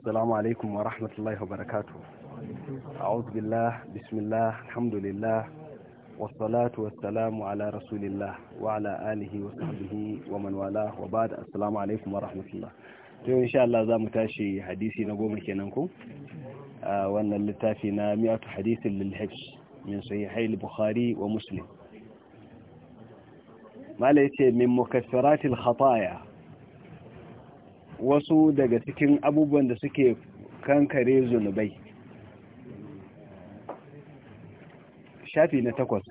السلام عليكم ورحمة الله وبركاته أعوذ بالله بسم الله الحمد لله والصلاة والسلام على رسول الله وعلى آله وصحبه ومن والاه وبعد السلام عليكم ورحمة الله to Allah za mu tashi hadisi na goma kenan a wannan littafi na mi'atu hadisin lil min sahihai bukhari wa muslim mala yace min mukaffiratil khataya wasu daga cikin abubuwan da suke kankare zunubai shafi na takwas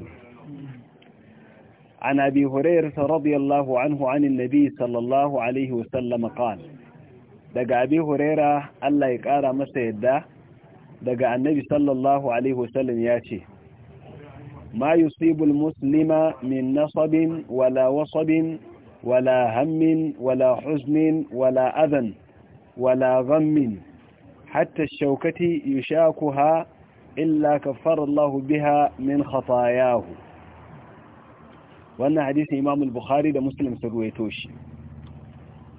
عن أبي هريرة رضي الله عنه عن النبي صلى الله عليه وسلم قال دقى أبي هريرة ألا يقارى مسيدة دقى النبي صلى الله عليه وسلم ياتي ما يصيب المسلم من نصب ولا وصب ولا هم ولا حزن ولا أذى ولا غم حتى الشوكة يشاكها إلا كفر الله بها من خطاياه wannan hadisin imamul al da Muslim sun shi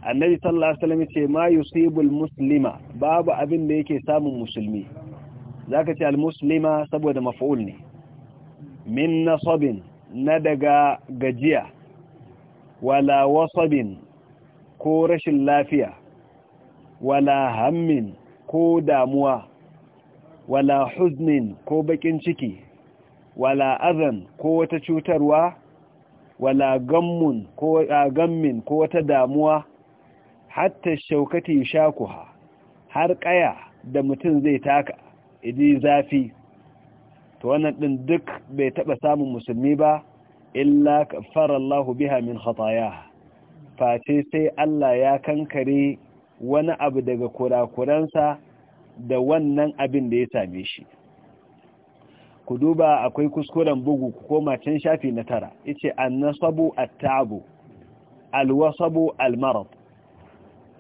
Annabi sallallahu alaihi wasallam ce ma yusibul muslima babu abin da yake samun musulmi zaka ce saboda maf'ul ne min na daga gajiya wala wasabin ko rashin lafiya wala hammin ko damuwa wala huznin ko bakin ciki wala azan ko wata cutarwa wala gammun ko gammin ko wata damuwa hatta shaukati shakuha har kaya da mutum zai taka idi zafi to wannan din duk bai taba samun musulmi ba illa kaffara Allah biha min khatayaha face sai Allah ya kankare wani abu daga kurakuransa da wannan abin da ya same shi ku duba akwai kuskuren bugu ku koma can shafi na tara yace annasabu at-ta'abu al-marad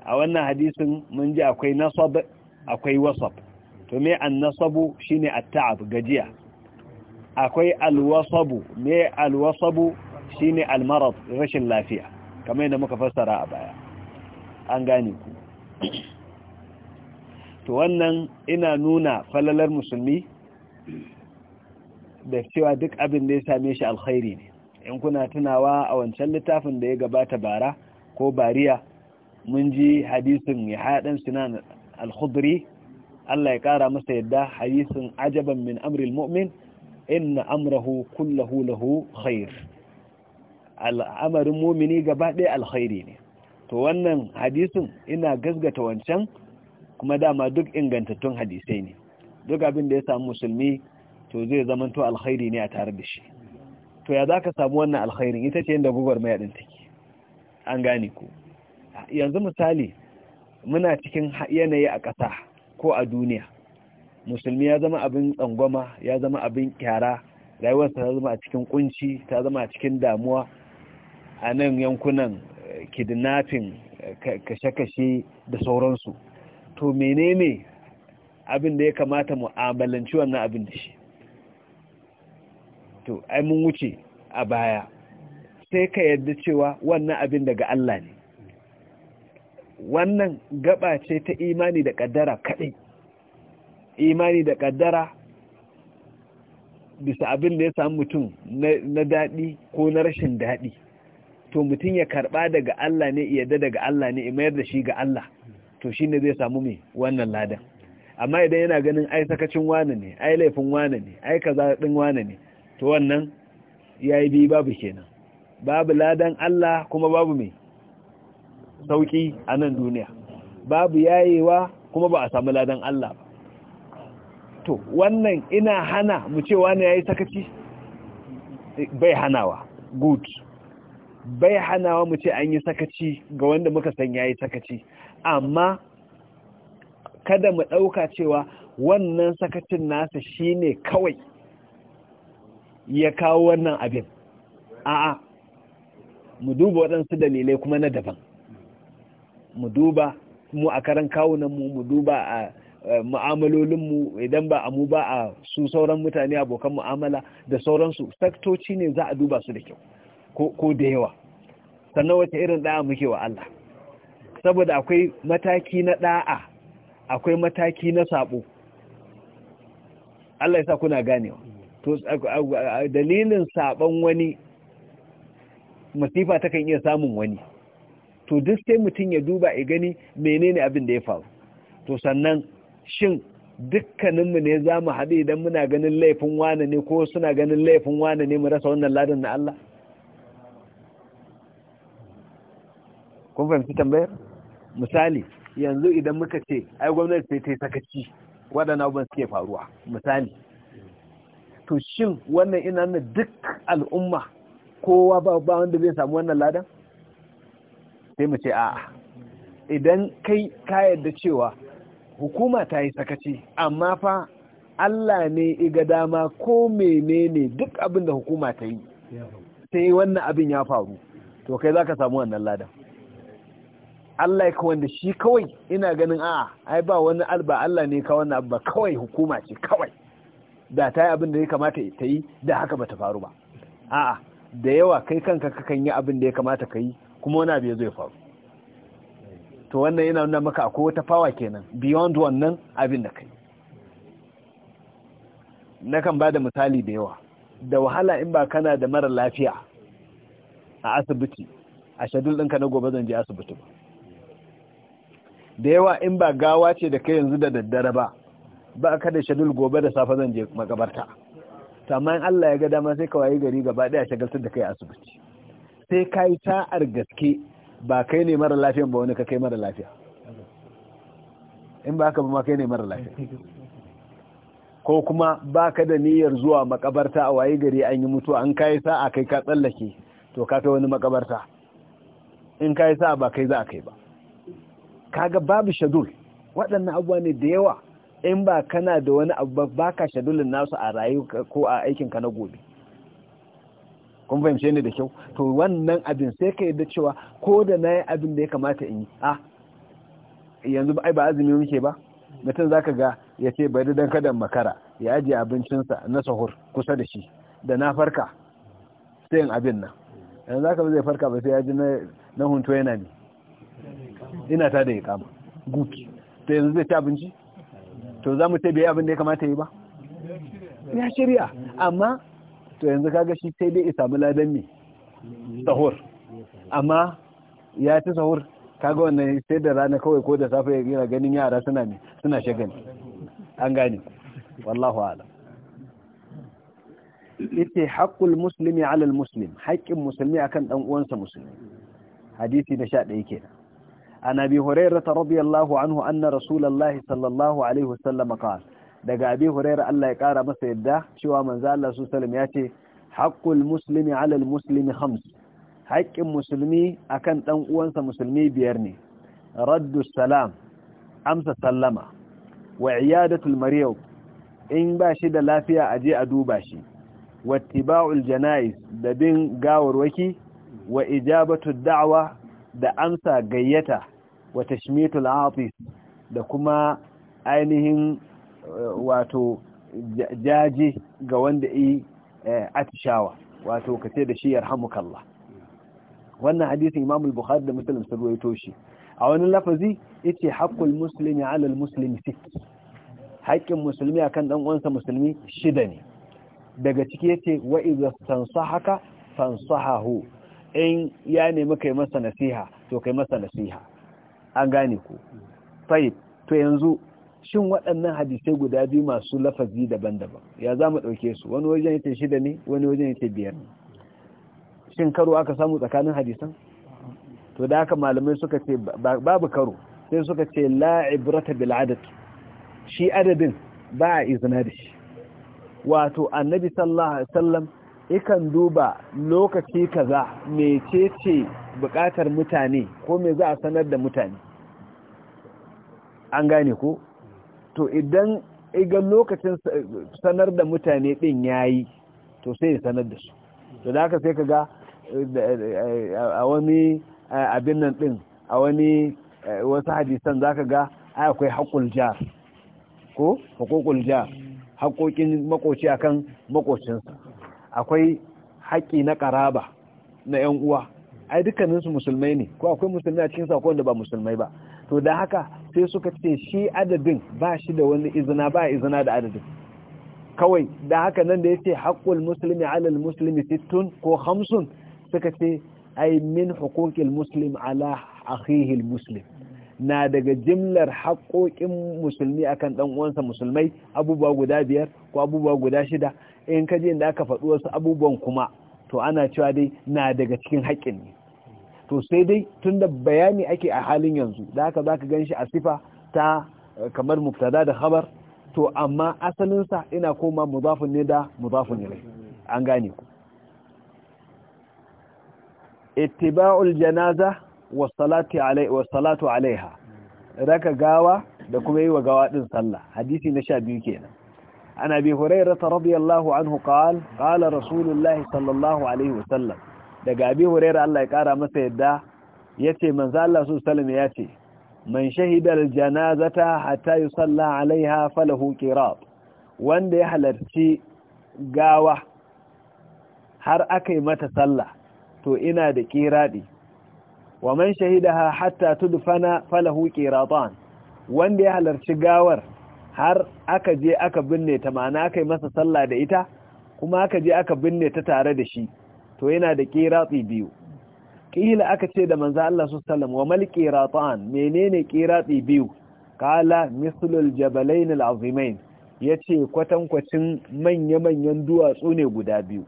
a wannan hadisin mun ji akwai nasab akwai wasab to me annasabu shine at-ta'ab gajiya akwai alwasabu me alwasabu shine almarad rashin lafiya kamar yadda muka fassara a baya an gane ku to wannan ina nuna falalar musulmi da cewa duk abin da ya same shi alkhairi ne in kuna tunawa a wancan littafin da ya gabata bara ko bariya mun ji hadisin ya haɗin sinan al-khudri Allah ya kara masa yadda hadisin ajaban min amril mu'min inna amrahu kullahu lahu khair al'amarin mumini gaba ɗaya alkhairi ne to wannan hadisin ina gasgata wancan kuma dama duk ingantattun hadisai ne duk abin da ya samu musulmi to zai zamanto alkhairi ne a tare da shi to ya za ka samu wannan alkhairin ita ce yadda gugar mai take an gane ku yanzu misali muna cikin yanayi a ƙasa ko a duniya musulmi ya zama abin tsangwama ya zama abin kyara rayuwarsa ta zama a cikin kunci ta zama a cikin damuwa a nan yankunan eh, kidnapping eh, kashe-kashe da sauransu to menene abin da ya kamata mu'amalanci wannan abin da shi to ai mun wuce a baya sai ka yadda cewa wannan abin daga Allah ne wannan gaba ce ta imani da kaddara kaɗai imani da kaddara bisa abin da ya samu mutum na daɗi ko na rashin daɗi to mutum ya karɓa daga Allah ne yadda daga Allah ne mayar da shi ga Allah to shi ne zai samu mai wannan ladan amma idan yana ganin ai sakacin wane ne ai laifin wane ne ai kaza ɗin wane ne to wannan ya yi babu kenan babu ladan Allah kuma babu mai sauki a nan duniya babu yayewa kuma ba a samu ladan Allah ba to wannan ina hana mu ce wani ya yi sakaci bai hanawa good bai hanawa mu ce an yi sakaci ga wanda muka san ya yi sakaci amma kada mu ɗauka cewa wannan sakacin nasa shine kawai ya kawo wannan abin a'a mu duba waɗansu dalilai kuma na daban mu duba mu a karan kawunanmu mu mu duba a Eh, mu'amalolinmu idan ba a mu ba a su sauran mutane abokan mu'amala da sauransu saktoci ne za a duba su da kyau ko da yawa sannan wace irin da'a muke wa Allah saboda akwai mataki na da'a akwai mataki na sabo Allah ya sa kuna ganewa to dalilin sabon wani masifa takan iya samun wani to duk sai mutum ya duba ya gani menene abin da ya faru to sannan shin dukkaninmu ne za mu haɗu idan muna ganin laifin wane ne ko suna ganin laifin wane ne mu rasa wannan ladan na Allah kun fahimci tambayar misali yanzu idan muka ce ai gwamnati sai ta yi sakaci waɗannan abubuwan suke faruwa misali to shin wannan ina na duk al'umma kowa ba wanda zai samu wannan ladan sai mu ce a'a idan kai ka yarda cewa hukuma ta yi sakaci amma fa Allah ne iga dama ko menene duk abin da hukuma ta yi sai wannan abin ya faru to kai zaka samu wannan ladan Allah ya wanda shi kawai ina ganin a ai ba wani alba Allah ne ka wannan ba kawai hukuma ce kawai da ta yi abin da ya kamata ta yi da haka bata faru ba a'a da yawa kai kanka kakan yi abin da ya kamata ka yi kuma wani abu ya zo ya faru to wannan yana nuna maka akwai wata fawa kenan beyond wannan abin da kai na kan ba da misali da yawa da wahala in ba kana da mara lafiya a asibiti a shadul ɗinka na gobe zan je asibiti ba da yawa in ba gawa ce da kai yanzu da daddare ba ba ka da shadul gobe da safe zan je makabarta amma in Allah ya ga dama sai ka wayi gari gaba ɗaya shagaltar da kai asibiti sai ka yi ta'ar gaske ba kai ne mara lafiyan ba wani ka kai mara lafiya in ba ka ba ma kai ne mara lafiya ko kuma ba ka da niyyar zuwa makabarta a waye gari an yi mutuwa an kayi sa'a kai ka tsallake to ka kai wani makabarta in kayi sa'a ba kai za a kai ba kaga babu shadul waɗannan abuwa ne da yawa in ba kana da wani abu ba ka shadulin nasu a rayu ko a aikinka na gobe kun fahimce ni da kyau to wannan abin sai ka yadda cewa ko da na yi abin da ya kamata in yi a ah, yanzu ai ba azumi muke ba mutum ka ga ya ce bari dan kadan makara ya ajiye abincinsa na sahur kusa da shi da na farka sai abin nan yanzu za ka zai farka ba sai ya ji na hunto yana ne ina ta da ya kama guki to yanzu zai ci abinci to za mu ce bai abin da ya kamata yi ba ya shirya amma to yanzu kaga shi sai dai isa muladan mi ne sahur amma ya ci sahur kaga wannan sai da rana kawai ko da safe yana ganin yara suna ne suna shagali an gane wallahu ala ita haƙƙul musulmi alal muslim haƙƙin musulmi akan dan uwansa musulmi hadisi na sha ɗaya kenan an abi hurairah radiyallahu anhu anna rasulullahi sallallahu alaihi wasallam qala daga abi huraira Allah ya kara masa yadda cewa manzo Allah su sallam ya ce haqqul muslimi ala al muslimi khams haƙƙin musulmi akan dan uwansa muslimi biyar ne raddu salam amsa sallama wa iyadatul mariyad in ba shi da lafiya a je a duba shi wattiba'ul jana'is da bin gawarwaki wa ijabatu da'wa da amsa gayyata wa tashmitul atis da kuma ainihin wato jaji ga wanda yi eh, atishawa wato ka ce da shi yarhamukallah wannan hadisin Imam al-Bukhari da Muslim sun ruwaito shi a wani lafazi yace haqqul muslimi 'ala al-muslimi sitt haƙƙin musulmi akan dan uwansa musulmi shida ne daga ciki yace wa idza tansahaka fansahahu in ya nemi kai masa nasiha to kai masa nasiha an gane ku tayyib to yanzu shin waɗannan hadisai guda biyu masu lafazi daban-daban ya za mu ɗauke su wani wajen yake shida ne wani wajen yake biyar ne shin karo aka samu tsakanin hadisan to da haka malamai suka ce babu karo sai suka ce la ibrata bil adad shi adadin ba a izina da shi wato annabi sallallahu alaihi wasallam ikan duba lokaci kaza mecece bukatar mutane ko me za a sanar da mutane an gane ko to idan iga lokacin sanar da mutane din yayi to sai sanar da su to da haka sai ka ga a wani abin nan din a wani wasu hadisan za ka ga ai akwai haƙul jar ko haƙoƙul jar haƙoƙin makoci kan makocinsa akwai haƙƙi na ƙaraba na 'yan uwa ai dukkaninsu musulmai ne ko akwai musulmai a cikin sakon da ba musulmai ba to da haka sai suka ce shi adadin ba shi da wani izina ba izina da adadin kawai da haka nan da ya ce haƙƙul musulmi alal musulmi sittun ko hamsin suka ce ai min hukukil muslim ala akhihil musulmi na daga jimlar haƙoƙin musulmi akan ɗan uwansa musulmai abubuwa guda biyar ko abubuwa guda shida in kaje da aka faɗi wasu abubuwan kuma to ana cewa dai na daga cikin haƙƙin ne to sai dai da bayani ake a halin yanzu da haka gan shi a sifa ta eh, kamar muftada da khabar to amma asalinsa sa ina koma mudafun ne da mudafun ne an gane ku ittiba'ul janaza wasalatu salati wa salatu alaiha raka gawa da kuma yi wa gawa din sallah hadisi na 12 kenan ana bi hurairah radiyallahu anhu qala qala rasulullahi sallallahu alaihi sallam. daga abi huraira Allah ya kara masa yadda ya ce, manzo Allah su sallama ce, man shahida aljanazata hatta yusalla alaiha falahu qirab wanda ya halarci gawa har aka yi mata sallah to ina da kiradi wa man shahidaha hatta tudfana falahu qiratan wanda ya halarci gawar har aka je aka binne ta ma'ana aka yi masa sallah da ita kuma aka je aka binne ta tare da shi to yana da ƙiratsi biyu ƙila aka ce da manzo Allah su sallam wa mal ƙiratan menene ƙiratsi biyu kala mislul jabalain al'azimain yace kwatankwacin manya-manyan duwatsu ne guda biyu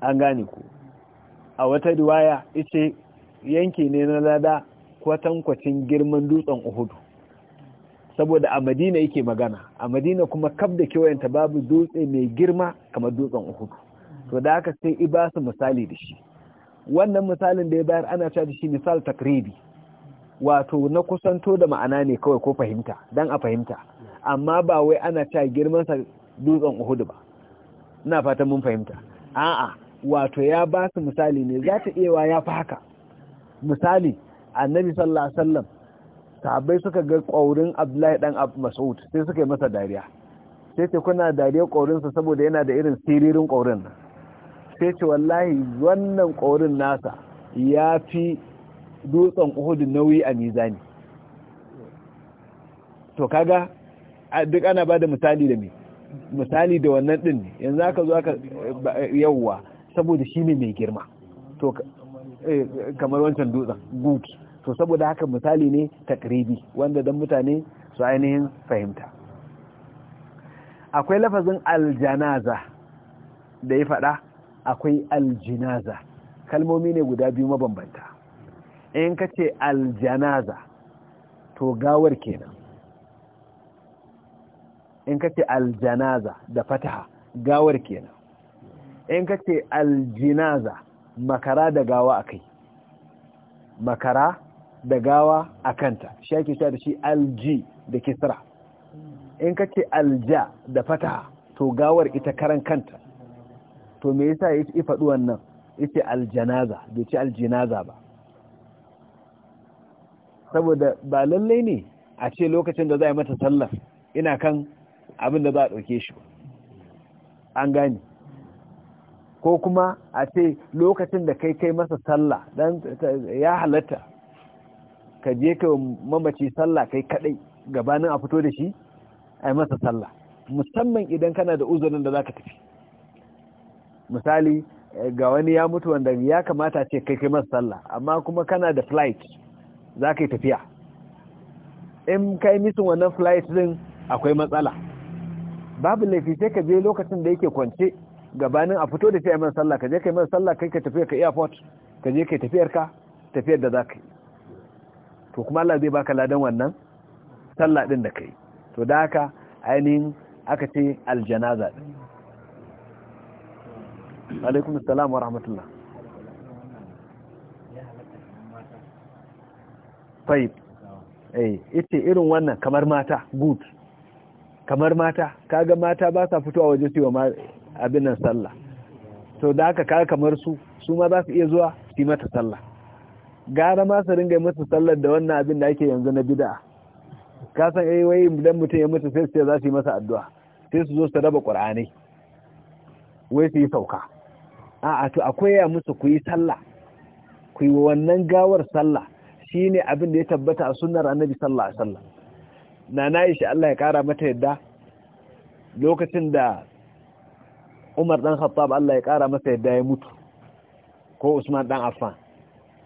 an gane ku a wata riwaya ice yanki ne na lada kwatankwacin girman dutsen uhudu saboda a madina yake magana a madina kuma kaf da kewayenta babu dutse mai girma kamar dutsen uhudu to da aka sai i ba su misali da shi wannan misalin da ya bayar ana cewa da shi misal takribi wato na kusanto da ma'ana ne kawai ko fahimta dan a fahimta amma ba wai ana cewa girman sa dutsen Uhud ba ina fatan mun fahimta a'a wato ya basu misali ne za ta iya ya fi haka misali annabi sallallahu alaihi wasallam sahabbai suka ga ƙaurin abdullahi dan mas'ud sai suka yi masa dariya sai sai kuna dariya ƙaurinsa saboda yana da irin siririn ƙaurin nan sai ce wallahi wannan ƙorin nasa ya fi dutsen uhudu nauyi a mizani to kaga duk ana ba da misali da mai misali da wannan ɗin yanzu aka zo aka yawwa saboda shi ne mai girma to eh, kamar wancan dutsen guki to saboda haka misali ne takribi wanda don mutane su ainihin fahimta akwai lafazin aljanaza da ya faɗa akwai aljinaza kalmomi ne guda biyu mabambanta in ka ce aljanaza to gawar kenan in ka ce aljanaza da fataha gawar kenan in ka ce aljinaza makara da gawa a kai makara da gawa a kanta shi sha da shi alji da kisra in ka ce alja da fataha to gawar ita karan kanta to me yasa ya ci faɗi wannan yace aljanaza bai ci aljinaza ba saboda ba lallai ne a ce lokacin da za a mata sallar ina kan abin da za a ɗauke shi an gane ko kuma a ce lokacin da kai kai masa sallah dan ya halatta ka je ka mamaci sallah kai kadai gabanin a fito da shi a masa sallah musamman idan kana da uzurin da zaka tafi misali eh, ga wani ya mutu wanda ya kamata ce kai kai masa sallah amma kuma kana da flight za ka yi tafiya in kai misin wannan flight din akwai matsala babu laifi sai ka je lokacin da yake kwance gabanin a fito da ta masa sallah ka je ka yi masa sallah kai ka tafiya ka airport ka je ka tafiyar ka tafiyar da za ka yi to kuma Allah zai baka ladan wannan sallah din da kai to da haka ainihin aka ce aljanaza din alaikun salam wa rahmatullah fai ita eh, irin wannan kamar mata good kamar mata kaga mata ba sa fitowa waje su yi wa abin sallah to da aka kaga kamar su su ma za su iya zuwa su mata sallah gara ma su ringa mata sallar da wannan abin da ake yanzu na bid'a ka san eh, wai idan mutum ya mutu sai su ce za su yi masa addu'a sai su zo su raba ƙura'a'nai wai su yi sauka A'a to akwai ya musu ku yi sallah ku yi wannan gawar sallah shi ne abin da ya tabbata a sunnar annabi sallallahu alaihi wasallam nana Aisha Allah ya kara mata yadda lokacin da Umar dan Khattab Allah ya kara masa yadda ya mutu ko Usman dan Affan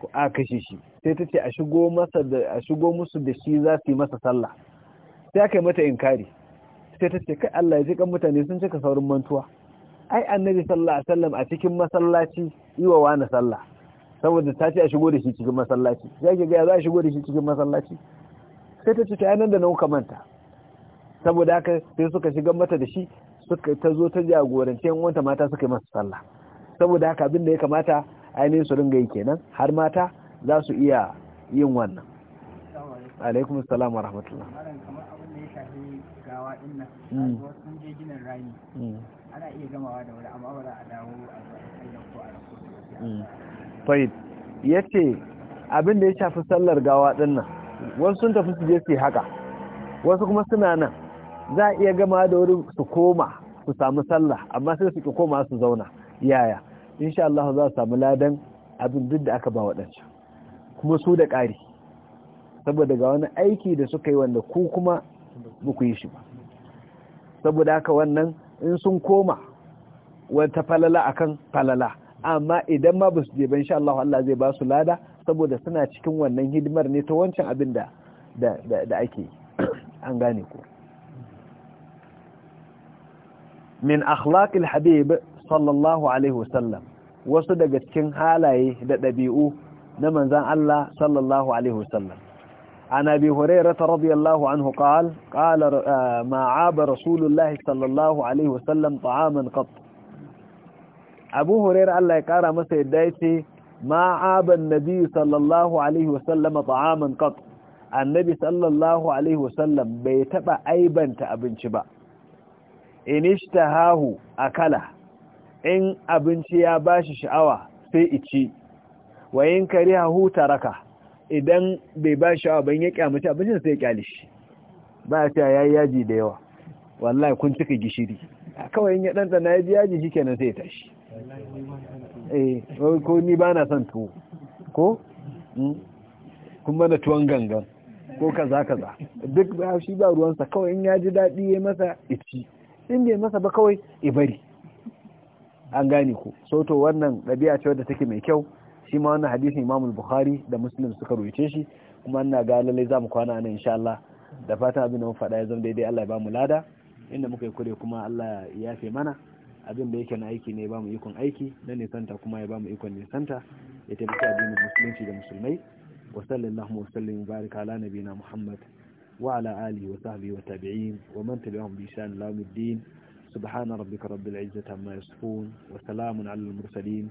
ko a kashe shi sai ta ce a shigo masa da a shigo musu da shi za su yi masa sallah sai aka yi mata inkari sai ta ce kai Allah ya ji kan mutane sun cika saurin mantuwa ai annabi sallallahu alaihi wasallam a cikin masallaci yiwa wani sallah saboda ta ce a shigo da shi cikin masallaci ya ke gaya za a shigo da shi cikin masallaci sai ta ce ta yanar da nauka manta saboda haka sai suka shiga mata da shi suka ta zo ta jagoranci yan wanta mata suka yi masa sallah saboda haka abin da ya kamata ainihin su ringa yi kenan har mata za su iya yin wannan alaikum salam wa rahmatullah gawa din nan hmm. sun je ginin rami hmm. ana iya gamawa mm. ya abin da ya shafi sallar gawa ɗin nan wasu sun tafi su je su haka wasu kuma suna nan za a iya gama da wuri su koma su samu sallah amma sai su koma su zauna yaya insha Allah za su samu ladan abin duk da aka ba waɗancan kuma su da ƙari saboda ga wani aiki da suka yi wanda ku kuma ba ku yi shi ba saboda haka wannan in sun koma wata falala akan falala amma idan ma ba su je ban sha Allah zai ba su lada saboda suna cikin wannan hidimar ne ta wancan abin da da ake an gane ku min akhlaqil habib sallallahu alaihi wasallam wasu daga cikin halaye da ɗabi'u na manzon Allah sallallahu alaihi wasallam عن أبي هريرة رضي الله عنه قال قال ما عاب رسول الله صلى الله عليه وسلم طعاما قط أبو هريرة الله يقارى مسا يدايتي ما عاب النبي صلى الله عليه وسلم طعاما قط النبي صلى الله عليه وسلم بيتبع أيبا تأبنشبا in ishtahahu اشتهاه in abinci ya bashi sha'awa شعوه ici wa in karihahu تركه idan bai ba shi awa ban ya kyamata abincin sai ya kyale shi ba ta yi yaji da yawa wallahi kun cika gishiri kawai in ya ɗanɗana ya ji yaji shi kenan sai ya tashi eh ko ni ba na son tuwo ko hmm? kun tuwon gangan ko kaza kaza duk ba shi ba ruwansa kawai in ya ji daɗi ya masa ici in bai masa ba kawai ibari an gane ku sauto wannan ɗabi'a ce wadda take mai kyau shi ma wannan hadisin Imam Bukhari da Muslim suka rubuce shi kuma ina ga lalle za mu kwana nan insha Allah da fatan abin da mun faɗa ya zama daidai Allah ya ba mu lada inda muka yi kure kuma Allah ya yafe mana abin da yake na aiki ne ya ba mu ikon aiki na nisanta kuma ya ba mu ikon nisanta ya taimaki addinin musulunci da musulmai wa sallallahu wa sallam baraka ala nabiyina Muhammad wa ala alihi wa sahbihi wa tabi'in wa man tabi'ahum bi ihsan ila yawmiddin subhana rabbika rabbil izzati amma yasifun wa salamun alal mursalin